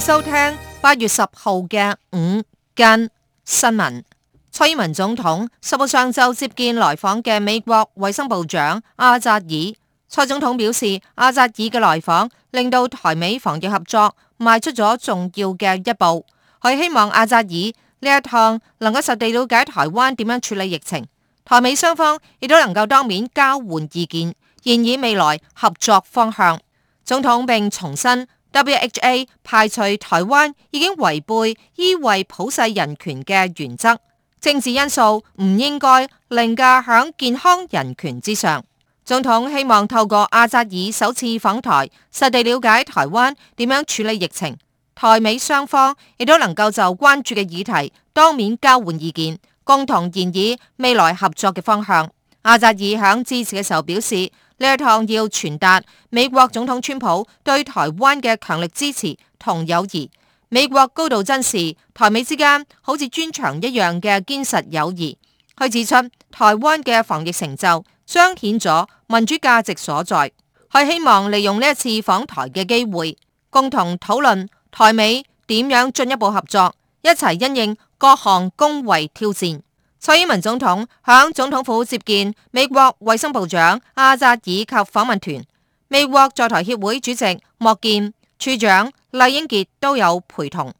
收聽八月十號嘅午間新聞。蔡英文總統十號上晝接見來訪嘅美國衛生部長阿札爾。蔡總統表示，阿札爾嘅來訪令到台美防疫合作邁出咗重要嘅一步。佢希望阿札爾呢一趟能夠實地了解台灣點樣處理疫情，台美雙方亦都能夠當面交換意見，共擬未來合作方向。總統並重申。w h o 排除台灣已經違背依為普世人權嘅原則，政治因素唔應該凌駕響健康人權之上。總統希望透過阿扎爾首次訪台，實地了解台灣點樣處理疫情，台美雙方亦都能夠就關注嘅議題當面交換意見，共同研議未來合作嘅方向。阿扎爾響支持嘅時候表示。呢一趟要傳達美國總統川普對台灣嘅強力支持同友誼，美國高度珍視台美之間好似磚牆一樣嘅堅實友誼。佢指出台灣嘅防疫成就彰顯咗民主價值所在，佢希望利用呢一次訪台嘅機會，共同討論台美點樣進一步合作，一齊因應各項公衛挑戰。蔡英文總統向總統府接見美國衛生部長阿札爾及訪問團，美國在台協會主席莫健、處長酈英傑都有陪同。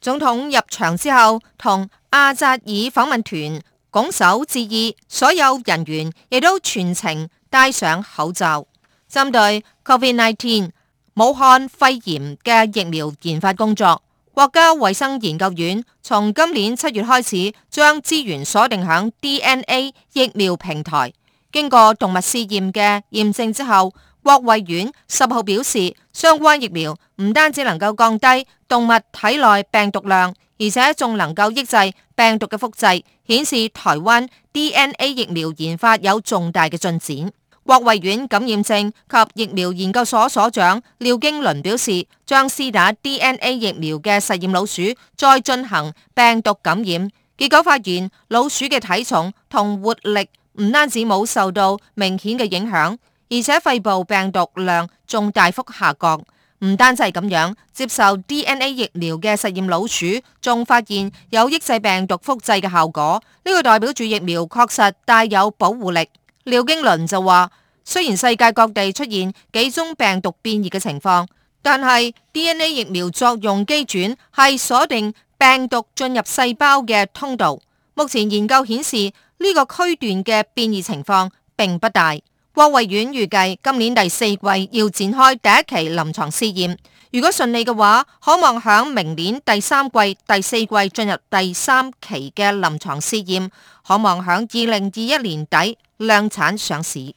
總統入場之後，同阿札爾訪問團拱手致意，所有人員亦都全程戴上口罩。針對 COVID-19 武漢肺炎嘅疫苗研發工作。國家衛生研究院從今年七月開始將資源鎖定響 DNA 疫苗平台，經過動物試驗嘅驗證之後，國衛院十號表示，相關疫苗唔單止能夠降低動物體內病毒量，而且仲能夠抑制病毒嘅複製，顯示台灣 DNA 疫苗研發有重大嘅進展。國衛院感染症及疫苗研究所所長廖經倫表示，將施打 DNA 疫苗嘅實驗老鼠再進行病毒感染，結果發現老鼠嘅體重同活力唔單止冇受到明顯嘅影響，而且肺部病毒量仲大幅下降。唔單止係咁樣，接受 DNA 疫苗嘅實驗老鼠仲發現有抑制病毒複製嘅效果。呢個代表住疫苗確實帶有保護力。廖經倫就話：雖然世界各地出現幾宗病毒變異嘅情況，但係 DNA 疫苗作用機轉係鎖定病毒進入細胞嘅通道。目前研究顯示呢、這個區段嘅變異情況並不大。國衛院預計今年第四季要展開第一期臨床試驗。如果順利嘅話，可望響明年第三季、第四季進入第三期嘅臨床試驗，可望響二零二一年底量產上市。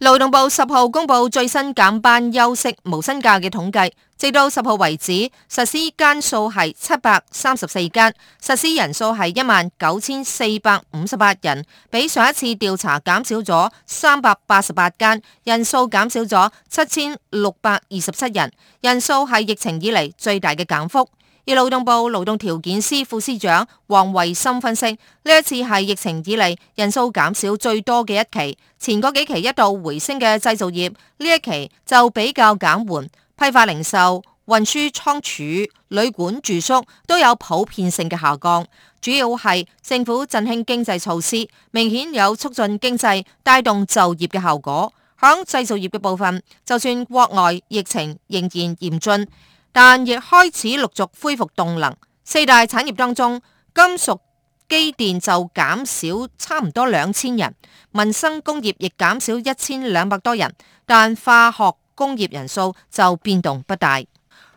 勞動部十號公布最新減班休息無薪假嘅統計，直到十號為止，實施間數係七百三十四間，實施人數係一萬九千四百五十八人，比上一次調查減少咗三百八十八間，人數減少咗七千六百二十七人，人數係疫情以嚟最大嘅減幅。而勞動部勞動條件司副司長黃維琛分析，呢一次係疫情以嚟人數減少最多嘅一期。前嗰幾期一度回升嘅製造業，呢一期就比較減緩。批發零售、運輸倉儲、旅館住宿都有普遍性嘅下降。主要係政府振興經濟措施明顯有促進經濟、帶動就業嘅效果。響製造業嘅部分，就算國外疫情仍然嚴峻，但亦開始陸續恢復動能，四大產業當中，金屬、機電就減少差唔多兩千人，民生工業亦減少一千兩百多人，但化學工業人數就變動不大。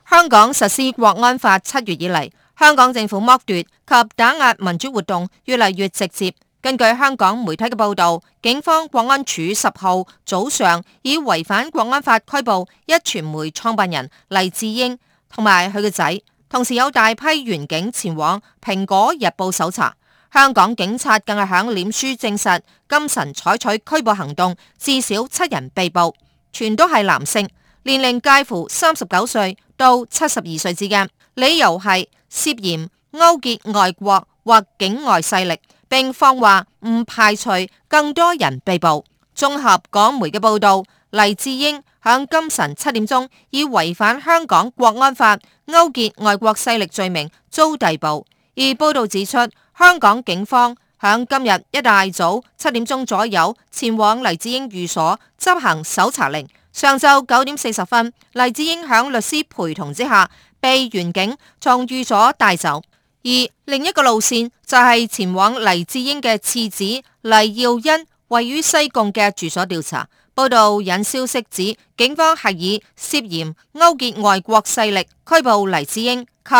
香港實施國安法七月以嚟，香港政府剝奪及打壓民主活動越嚟越直接。根據香港媒體嘅報道，警方國安處十號早上以違反國安法拘捕一傳媒創辦人黎智英同埋佢嘅仔，同時有大批員警前往《蘋果日報》搜查。香港警察更係響臉書證實，今晨採取拘捕行動，至少七人被捕，全都係男性，年齡介乎三十九歲到七十二歲之間。理由係涉嫌勾結外國或境外勢力。並放話唔排除更多人被捕。綜合港媒嘅報道，黎智英喺今晨七點鐘以違反香港國安法、勾結外國勢力罪名遭逮捕。而報道指出，香港警方喺今日一大早七點鐘左右前往黎智英寓所執行搜查令。上晝九點四十分，黎智英喺律師陪同之下被員警從寓所帶走。而另一個路線就係、是、前往黎智英嘅次子黎耀恩位於西貢嘅住所調查。報道引消息指，警方係以涉嫌勾結外國勢力拘捕黎智英及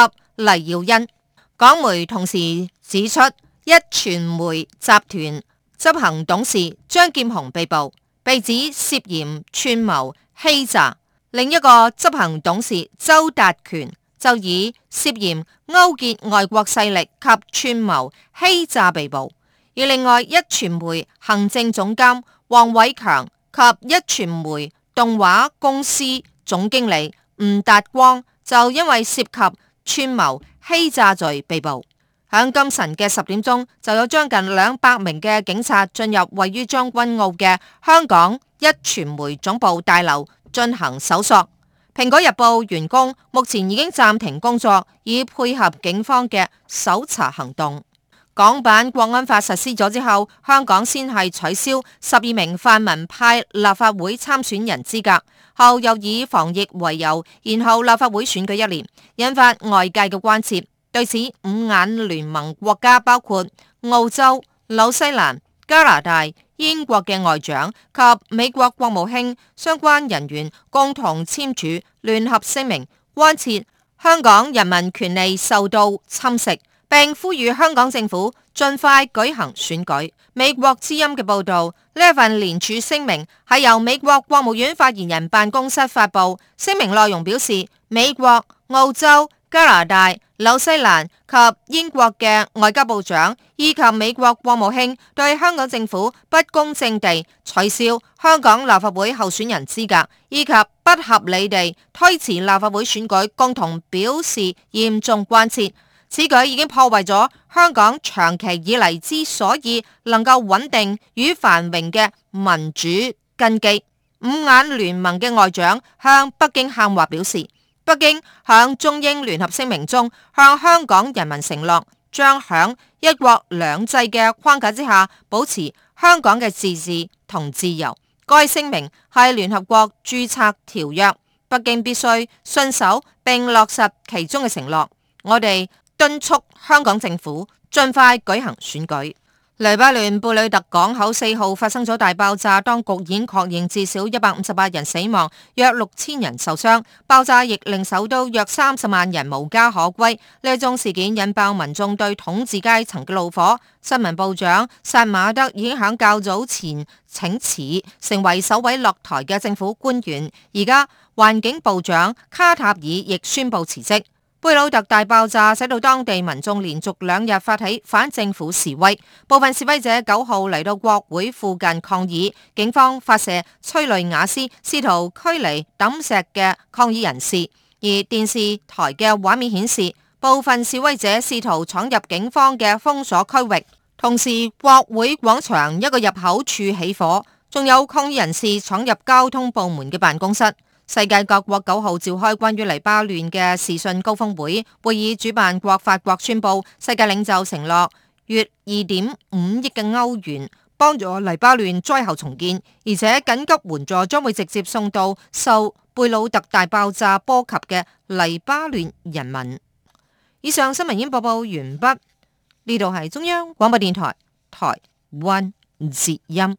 黎耀恩。港媒同時指出，一傳媒集團執行董事張劍虹被捕，被指涉嫌串謀欺詐。另一個執行董事周達權就以涉嫌勾結外國勢力及串謀欺詐被捕，而另外一傳媒行政總監黃偉強及一傳媒動畫公司總經理吳達光就因為涉及串謀欺詐罪被捕。響今晨嘅十點鐘，就有將近兩百名嘅警察進入位於將軍澳嘅香港一傳媒總部大樓進行搜索。蘋果日報員工目前已經暫停工作，以配合警方嘅搜查行動。港版國安法實施咗之後，香港先係取消十二名泛民派立法會參選人資格，後又以防疫為由，然後立法會選舉一年，引發外界嘅關切。對此，五眼聯盟國家包括澳洲、紐西蘭。加拿大、英國嘅外長及美國國務卿相關人員共同簽署聯合聲明，關切香港人民權利受到侵蝕，並呼籲香港政府盡快舉行選舉。美國之音嘅報導，呢份聯署聲明係由美國國務院發言人辦公室發佈。聲明內容表示，美國、澳洲、加拿大、紐西蘭及英國嘅外交部長，以及美國國務卿，對香港政府不公正地取消香港立法會候選人資格，以及不合理地推遲立法會選舉，共同表示嚴重關切。此舉已經破壞咗香港長期以嚟之所以能夠穩定與繁榮嘅民主根基。五眼聯盟嘅外長向北京喊話表示。北京喺中英聯合聲明中向香港人民承諾，將響一國兩制嘅框架之下，保持香港嘅自治同自由。該聲明係聯合國註冊條約，北京必須信守並落實其中嘅承諾。我哋敦促香港政府盡快舉行選舉。黎巴嫩貝魯特港口四號發生咗大爆炸，當局現確認至少一百五十八人死亡，約六千人受傷。爆炸亦令首都約三十萬人無家可歸。呢宗事件引爆民眾對統治階層嘅怒火。新聞部長薩馬德已經響較早前請辭，成為首位落台嘅政府官員。而家環境部長卡塔爾亦宣佈辭職。貝魯特大爆炸使到當地民眾連續兩日發起反政府示威，部分示威者九號嚟到國會附近抗議，警方發射催淚瓦斯試圖驅離抌石嘅抗議人士，而電視台嘅畫面顯示，部分示威者試圖闖入警方嘅封鎖區域，同時國會廣場一個入口處起火，仲有抗議人士闖入交通部門嘅辦公室。世界各國九號召開關於黎巴嫩嘅時訊高峰會，會議主辦國法國宣布，世界領袖承諾約二點五億嘅歐元幫助黎巴嫩災後重建，而且緊急援助將會直接送到受貝魯特大，大爆炸波及嘅黎巴嫩人民。以上新聞已播報完畢，呢度係中央廣播電台台 o n 節音。